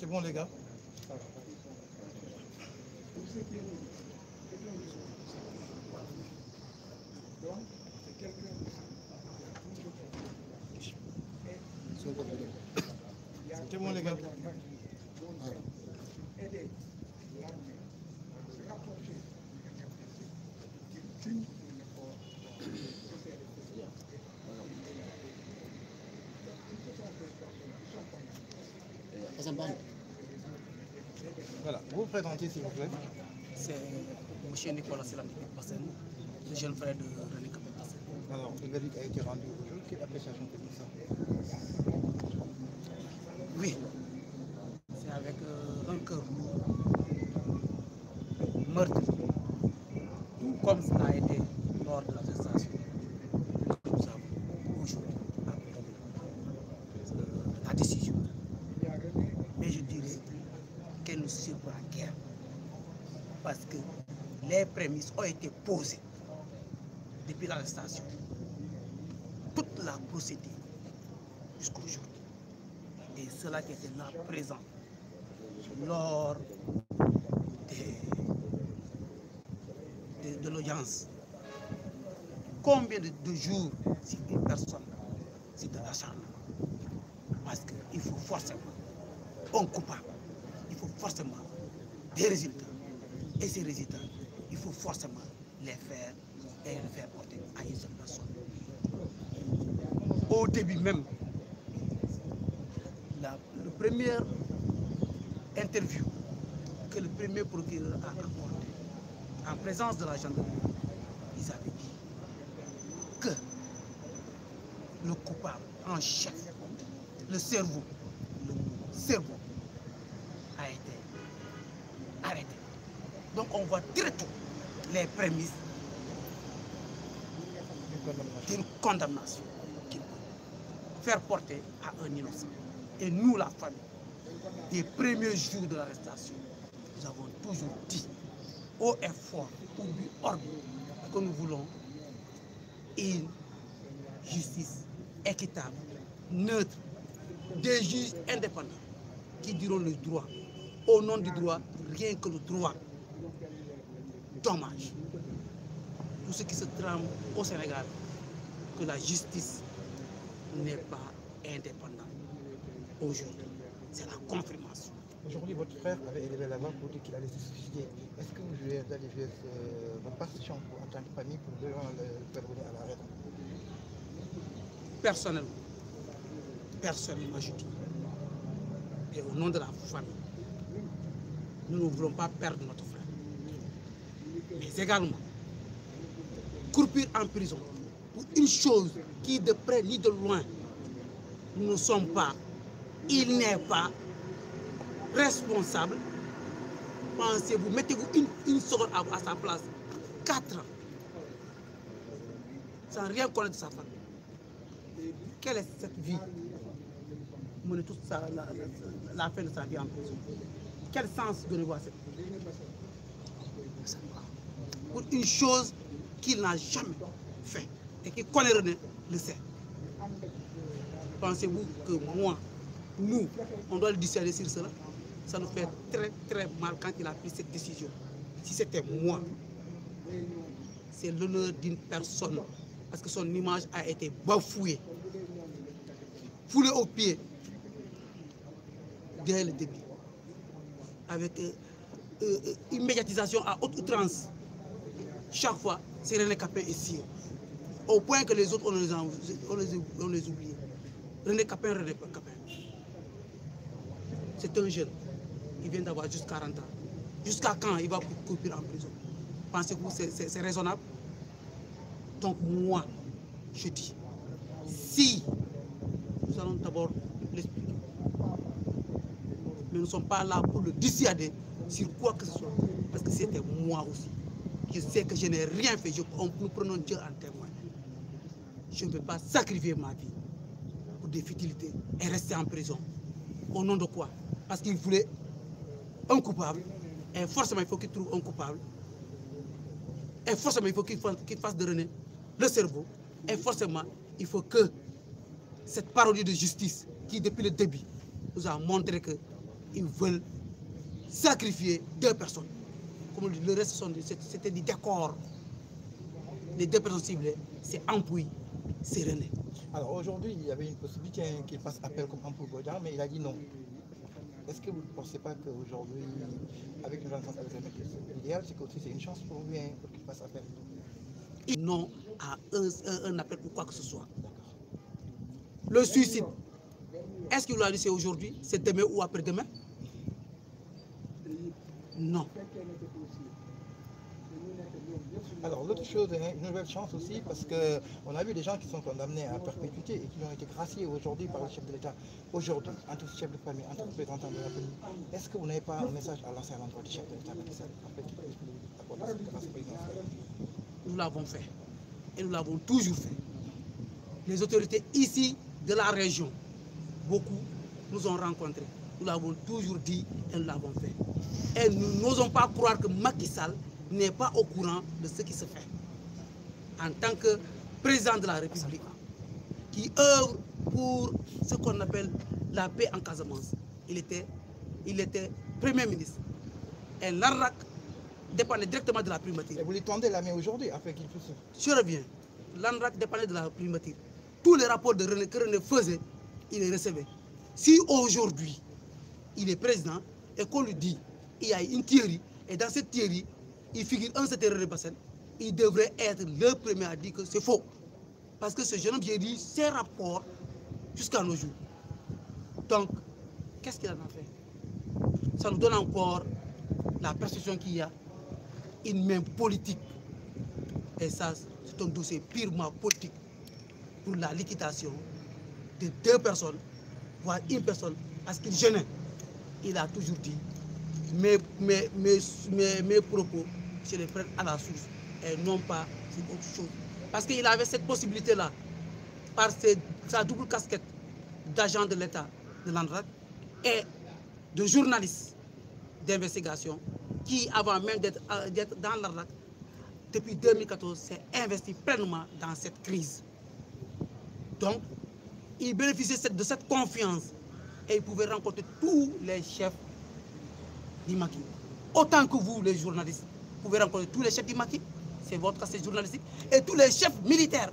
C'est bon, les gars C'est bon, les gars voilà. présenter, s'il vous plaît C'est M. Nicolas passé. Bassène, le jeune frère de René Capet Alors, le verdict a été rendu aujourd'hui. Quelle appréciation que Oui, c'est avec euh, un cœur meurtre. ont été posées depuis l'arrestation. Toute la procédure jour Et cela qui était là présent lors de, l'audience. Combien de, jours si une personne, si de l'acharnement Parce qu'il faut forcément un coupable. Il faut forcément des résultats. Et ces résultats, forcément les faire et les faire porter à une seule personne. Au début même, la, première interview que le premier procureur a apportée en présence de la gendarmerie, ils avaient dit que le coupable en chef, le cerveau, le cerveau a été arrêté. Donc on voit très tôt les prémices d'une condamnation qui peut faire porter à un innocent. Et nous, la famille, des premiers jours de l'arrestation, nous avons toujours dit haut et fort, oubli, que nous voulons une justice équitable, neutre, des juges indépendants qui diront le droit. Au nom du droit, rien que le droit dommage. Tout ce qui se trame au Sénégal, que la justice n'est pas indépendante. Aujourd'hui, c'est la confirmation. Aujourd'hui, votre frère avait élevé la main pour dire qu'il allait se suicider. Est-ce que vous avez jouer votre euh, passion en tant que famille pour le faire à la Personnellement, personnellement, je dis, et au nom de la famille, nous ne voulons pas perdre notre mais également croupir en prison pour une chose qui de près ni de loin nous ne sommes pas, il n'est pas responsable. Pensez-vous, mettez-vous une, une, à, sa place, quatre ans, sans rien connaître de sa femme Quelle est cette vie Mener toute la, fin de sa vie en prison. Quel sens donnez-vous à cette vie pour une chose qu'il n'a jamais fait et qui connaît le sait. Pensez-vous que moi, nous, on doit le discerner sur cela Ça nous fait très très mal quand il a pris cette décision. Si c'était moi, c'est l'honneur d'une personne parce que son image a été bafouée, foulée aux pieds dès le début, avec euh, euh, euh, une médiatisation à haute outrance. Chaque fois, c'est René Capin ici. Au point que les autres, on les, on on les oublie. René Capin, René Capin. C'est un jeune. Il vient d'avoir juste 40 ans. Jusqu'à quand il va couper en prison Pensez-vous que c'est raisonnable Donc moi, je dis, si nous allons d'abord l'expliquer, nous ne sommes pas là pour le dissuader sur quoi que ce soit, parce que c'était moi aussi je sais que je n'ai rien fait. Je, nous prenons Dieu en témoin. Je ne veux pas sacrifier ma vie pour des futilités et rester en prison. Au nom de quoi Parce qu'il voulait un coupable. Et forcément, il faut qu'il trouve un coupable. Et forcément, il faut qu'il fasse, de René le cerveau. Et forcément, il faut que cette parodie de justice qui, depuis le début, nous a montré qu'ils veulent sacrifier deux personnes le reste, c'était du décor. Les deux possibles, c'est Ampoui, c'est René. Alors aujourd'hui, il y avait une possibilité hein, qu'il fasse appel comme Ampoui Godin, mais il a dit non. Est-ce que vous ne pensez pas qu'aujourd'hui, avec une rencontre avec René, l'idéal, c'est qu'aujourd'hui c'est une chance pour lui hein, pour qu'il fasse appel Non à un, un, appel pour quoi que ce soit. Le suicide, est-ce qu'il l'a dit c'est aujourd'hui, c'est demain ou après-demain Non. Alors l'autre chose, une nouvelle chance aussi, parce qu'on a vu des gens qui sont condamnés à perpétuité et qui ont été graciés aujourd'hui par le chef de l'État. Aujourd'hui, en tant que chef de famille, en tant que représentant de la famille, est-ce que vous n'avez pas un message à lancer à l'endroit du chef de l'État Nous l'avons fait. Et nous l'avons toujours fait. Les autorités ici de la région, beaucoup nous ont rencontrés. Nous l'avons toujours dit et nous l'avons fait. Et nous n'osons pas croire que Macky Sall n'est pas au courant de ce qui se fait en tant que président de la République qui œuvre pour ce qu'on appelle la paix en Casamance. Il était, il était Premier ministre. Et l'ANRAC dépendait directement de la primature. vous lui tendez la main aujourd'hui afin qu'il puisse... Je reviens. L'ANRAC dépendait de la primature. Tous les rapports de René, que René faisait, il les recevait. Si aujourd'hui, il est président et qu'on lui dit, il y a une théorie, et dans cette théorie, il figure en cette erreur de bassin il devrait être le premier à dire que c'est faux. Parce que ce jeune homme, j'ai lu ses rapports jusqu'à nos jours. Donc, qu'est-ce qu'il en a fait Ça nous donne encore la perception qu'il y a une même politique. Et ça, c'est un dossier purement politique pour la liquidation de deux personnes, voire une personne, parce qu'il gênait. Il a toujours dit mes propos les prenne à la source et non pas sur autre chose. Parce qu'il avait cette possibilité-là, par sa double casquette d'agent de l'État de l'Andrade et de journaliste d'investigation qui, avant même d'être euh, dans l'Andrade, depuis 2014, s'est investi pleinement dans cette crise. Donc, il bénéficiait de cette confiance et il pouvait rencontrer tous les chefs d'Imaki. Autant que vous, les journalistes, vous pouvez rencontrer tous les chefs du c'est votre cas, c'est journalistique, et tous les chefs militaires.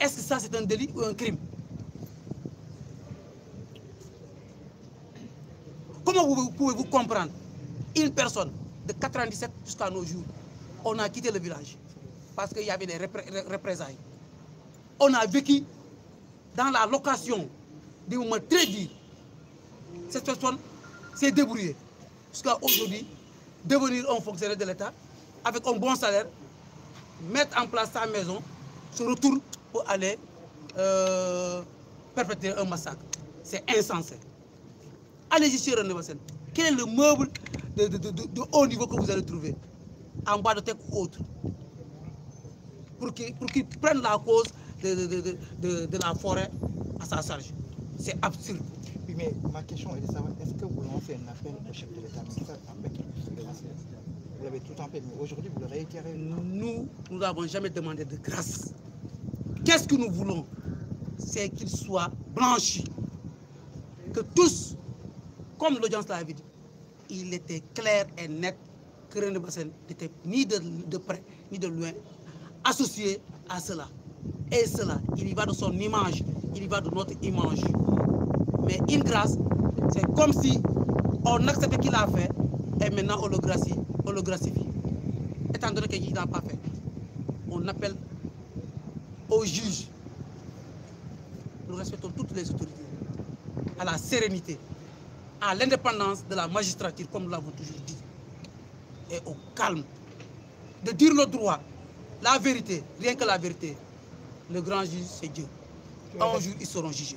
Est-ce que ça, c'est un délit ou un crime Comment vous pouvez-vous comprendre une personne de 97 jusqu'à nos jours, on a quitté le village parce qu'il y avait des représailles. On a vécu dans la location des moments très vie. Cette personne s'est débrouillée jusqu'à aujourd'hui devenir un fonctionnaire de l'État avec un bon salaire, mettre en place sa maison, se retourne pour aller euh, perpétrer un massacre. C'est insensé. Allez-y sur René Quel est le meuble de, haut niveau que vous allez trouver En bas de tête ou autre Pour qu'il prenne prennent la cause de la forêt à sa charge. C'est absurde mais ma question est de savoir, est-ce que vous lancez un appel au chef de l'État Vous avez tout en paix, mais aujourd'hui, vous le réitérez. Nous, nous n'avons jamais demandé de grâce. Qu'est-ce que nous voulons C'est qu'il soit blanchi. Que tous, comme l'audience l'avait dit, il était clair et net que René Bassin n'était ni de, de près ni de loin associé à cela. Et cela, il y va de son image, il y va de notre image. Mais une grâce, c'est comme si on acceptait qu'il a fait et maintenant on le gracie, on le Étant donné qu'il n'a pas fait, on appelle au juge. Nous respectons toutes les autorités, à la sérénité, à l'indépendance de la magistrature, comme nous l'avons toujours dit, et au calme, de dire le droit, la vérité, rien que la vérité. Le grand juge, c'est Dieu. Un jour, ils seront jugés.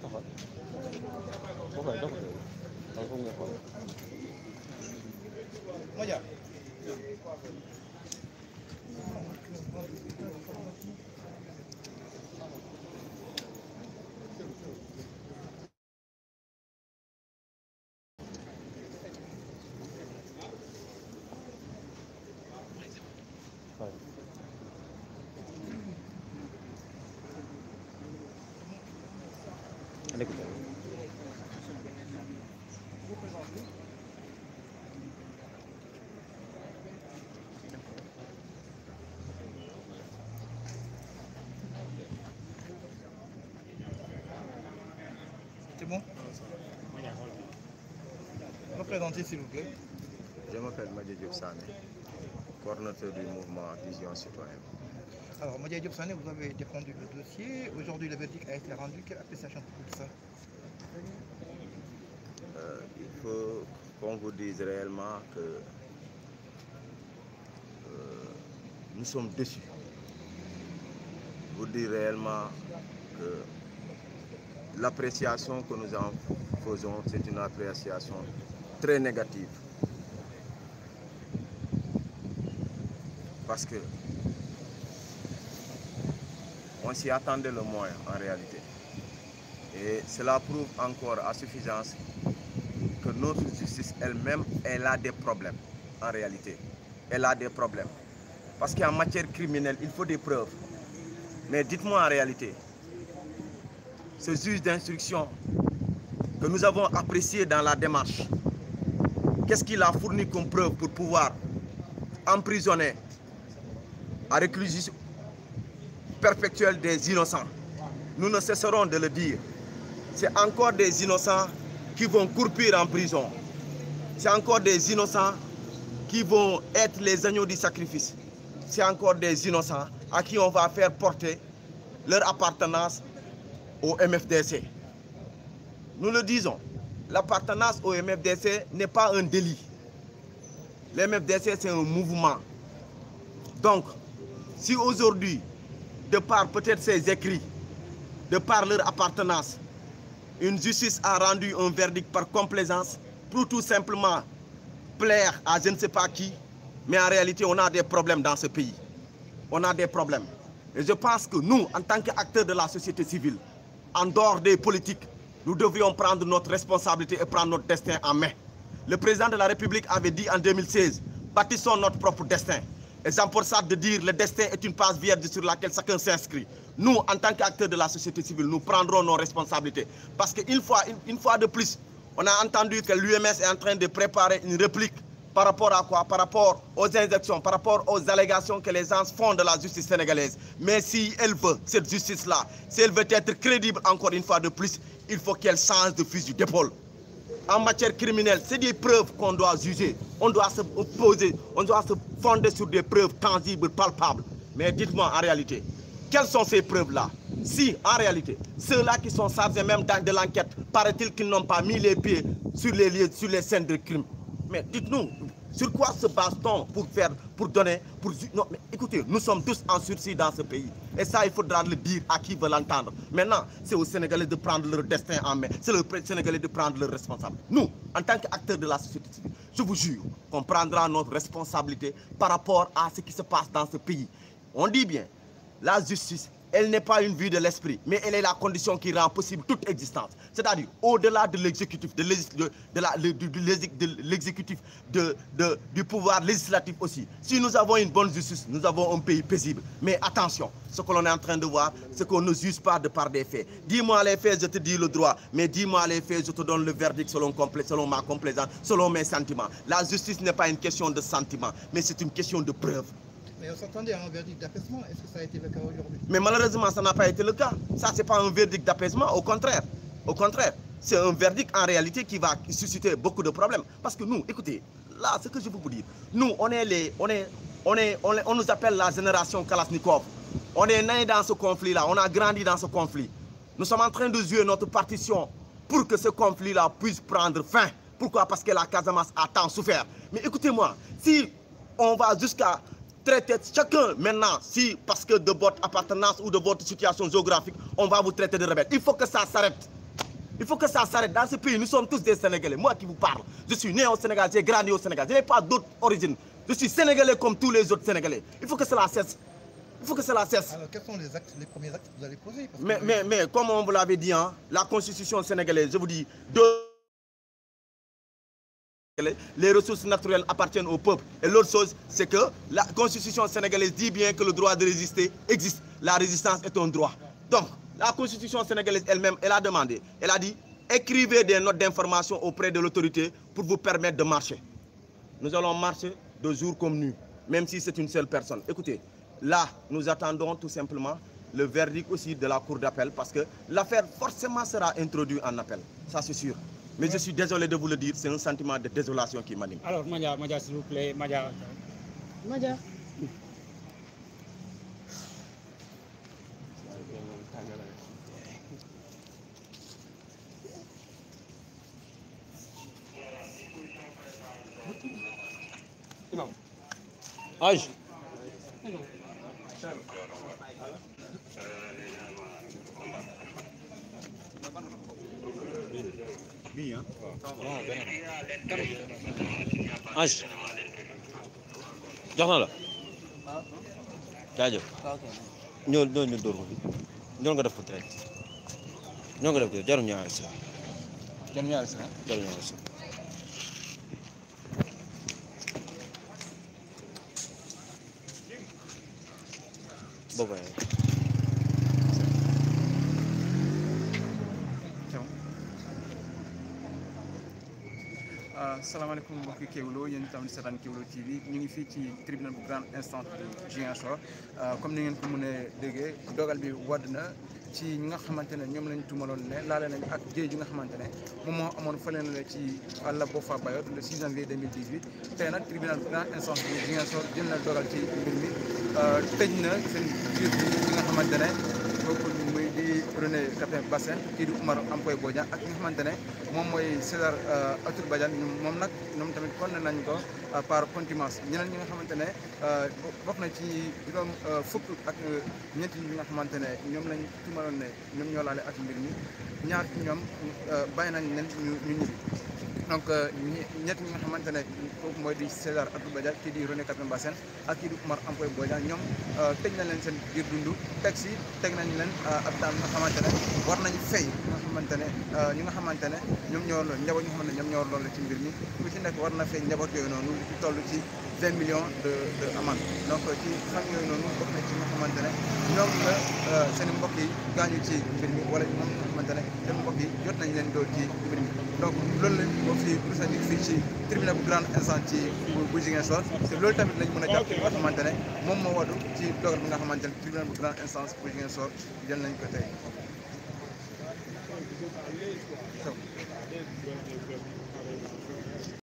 都係，都係都係，提供嘅可以。乜嘢？C'est bon présenter s'il vous plaît. Je m'appelle Madi Diopsane, coordinateur du mouvement Vision Citoyenne. Alors, Madia Diop vous avez défendu le dossier. Aujourd'hui, le verdict a été rendu Quelle appréciation pour ça euh, Il faut qu'on vous dise réellement que euh, nous sommes déçus. Vous dire réellement que l'appréciation que nous en faisons, c'est une appréciation très négative. Parce que s'y attendait le moins en réalité. Et cela prouve encore à suffisance que notre justice elle-même, elle a des problèmes en réalité. Elle a des problèmes. Parce qu'en matière criminelle, il faut des preuves. Mais dites-moi en réalité, ce juge d'instruction que nous avons apprécié dans la démarche, qu'est-ce qu'il a fourni comme preuve pour pouvoir emprisonner à réclusion, perpétuelle des innocents. Nous ne cesserons de le dire. C'est encore des innocents qui vont courir en prison. C'est encore des innocents qui vont être les agneaux du sacrifice. C'est encore des innocents à qui on va faire porter leur appartenance au MFDC. Nous le disons, l'appartenance au MFDC n'est pas un délit. Le MFDC, c'est un mouvement. Donc, si aujourd'hui, de par peut-être ses écrits, de par leur appartenance, une justice a rendu un verdict par complaisance pour tout simplement plaire à je ne sais pas qui, mais en réalité, on a des problèmes dans ce pays. On a des problèmes. Et je pense que nous, en tant qu'acteurs de la société civile, en dehors des politiques, nous devrions prendre notre responsabilité et prendre notre destin en main. Le président de la République avait dit en 2016, bâtissons notre propre destin. Et jean de dire le destin est une passe vierge sur laquelle chacun s'inscrit. Nous, en tant qu'acteurs de la société civile, nous prendrons nos responsabilités. Parce qu'une fois, une, fois de plus, on a entendu que l'UMS est en train de préparer une réplique par rapport à quoi Par rapport aux injections, par rapport aux allégations que les gens font de la justice sénégalaise. Mais si elle veut cette justice-là, si elle veut être crédible encore une fois de plus, il faut qu'elle change de fusil d'épaule en matière criminelle, c'est des preuves qu'on doit juger. On doit se poser, on doit se fonder sur des preuves tangibles, palpables. Mais dites-moi en réalité, quelles sont ces preuves-là Si en réalité, ceux-là qui sont et même dans de l'enquête, paraît-il qu'ils n'ont pas mis les pieds sur les lieux, sur les scènes de crime. Mais dites-nous, sur quoi se base-t-on pour faire, pour donner, pour... Non, écoutez, nous sommes tous en sursis dans ce pays. Et ça, il faudra le dire à qui veut l'entendre. Maintenant, c'est aux Sénégalais de prendre leur destin en main. C'est aux Sénégalais de prendre leur responsable. Nous, en tant qu'acteurs de la société civile, je vous jure qu'on prendra notre responsabilité par rapport à ce qui se passe dans ce pays. On dit bien, la justice elle n'est pas une vue de l'esprit, mais elle est la condition qui rend possible toute existence. C'est-à-dire, au-delà de l'exécutif, de de, de, de, du pouvoir législatif aussi. Si nous avons une bonne justice, nous avons un pays paisible. Mais attention, ce que l'on est en train de voir, c'est qu'on ne juge pas de par des faits. Dis-moi les faits, je te dis le droit, mais dis-moi les faits, je te donne le verdict selon, selon ma complaisance, selon mes sentiments. La justice n'est pas une question de sentiment, mais c'est une question de preuve. Mais on s'attendait à un verdict d'apaisement. Est-ce que ça a été le cas aujourd'hui Mais malheureusement, ça n'a pas été le cas. Ça, ce n'est pas un verdict d'apaisement. Au contraire, au contraire, c'est un verdict en réalité qui va susciter beaucoup de problèmes. Parce que nous, écoutez, là, ce que je veux vous dire, nous, on est les, on est, on est, on, nous appelle la génération Kalashnikov. On est né dans ce conflit-là, on a grandi dans ce conflit. Nous sommes en train de jouer notre partition pour que ce conflit-là puisse prendre fin. Pourquoi Parce que la Casamas a tant souffert. Mais écoutez-moi, si on va jusqu'à traiter chacun maintenant, si parce que de votre appartenance ou de votre situation géographique, on va vous traiter de rebelle. Il faut que ça s'arrête. Il faut que ça s'arrête. Dans ce pays, nous sommes tous des Sénégalais. Moi qui vous parle, je suis né au Sénégal, j'ai grandi au Sénégal. Je n'ai pas d'autre origine. Je suis Sénégalais comme tous les autres Sénégalais. Il faut que cela cesse. Il faut que cela cesse. Alors, quels sont les, actes, les premiers actes que vous allez poser mais, mais, mais, comme on vous l'avait dit, hein, la constitution sénégalaise, je vous dis, deux les ressources naturelles appartiennent au peuple. Et l'autre chose, c'est que la constitution sénégalaise dit bien que le droit de résister existe. La résistance est un droit. Donc, la constitution sénégalaise elle-même, elle a demandé, elle a dit, écrivez des notes d'information auprès de l'autorité pour vous permettre de marcher. Nous allons marcher de jour comme nuit, même si c'est une seule personne. Écoutez, là, nous attendons tout simplement le verdict aussi de la cour d'appel parce que l'affaire forcément sera introduite en appel. Ça, c'est sûr. Mais je suis désolé de vous le dire, c'est un sentiment de désolation qui m'anime. Alors, Madja, s'il vous plaît, عشرة jox na la jaajëf ñoo ñoo ñu dóor ko fi ñoo nga def ko traite ñoo nga def ko jarum ñaari sa jarum ñaari sa jarum ñaari sa boobu salaamaaleykum mbokki Kéwoulo yéen itam di seetaan Kéwoulo TV ñu ngi fi ci tribunal bu grande instance de Ziguinchor euh, comme ni ngeen ko mëne déggé dogal bi wadna ci ñi nga xamantene ñom ñoom lañ tumaloon ne laale nañ ak géej ji nga xamantene mo mo moo fa leen la ci àll Boffa Bayotte le 6 janvier 2018 tey nag tribunal bu grande instance de Ziguinchor jël na dogal ci mbir mi euh na seen biir bi nga xamantene Brunet capitaine bassin kii di Oumar Ampoy Bodian ak nga xamante ne moom mooy César euh, Atour Badiane moom nag ñoom tamit condamné nañ ko euh, par contumace ñeneen ñi nga xamante ne euh, bokk na ci juróom fukk ak ñeenti ñi nga xamante ne ñoom lañ tuumaloon ne ñoom ñoo laale ak mbir mi ñaar ci ñoom bàyyi nañ leen ñu ñu ñibbi donc euh, ñett ñi nga xamante ne kooku mooy di César Abdou Badiane kii di René Capain Bassène ak kii di Oumar Ampoy Bodian ñoom euh, tëj nañ leen seen biir dund teg si teg nañ leen euh, ab daan nga xamante war nañ fay nga xamante ne ñi nga xamante ne ñoom ñoo loolu njaboot ñi nga xam ne ñoom ñoo ci mbir mi ku ci nekk war na fay njaboot yooyu noonu lu ci toll ci vingt millions de de noonu bokk ne ñoom seen mbokk yi gaañu ci mbir mi wala ñoom nga xamante seen mbokk yi jot nañ leen dool ci mbir mi donc loolu lañ ko fii pour sa nekk ci tribunal bu grande instance ci bu bu Ziguinchor te loolu tamit lañ mën a jàpp ci li nga xamante ne moom moo wadu ci dogal bi nga xamante ne tribunal bu grande instance bu Ziguinchor jël nañ ko tey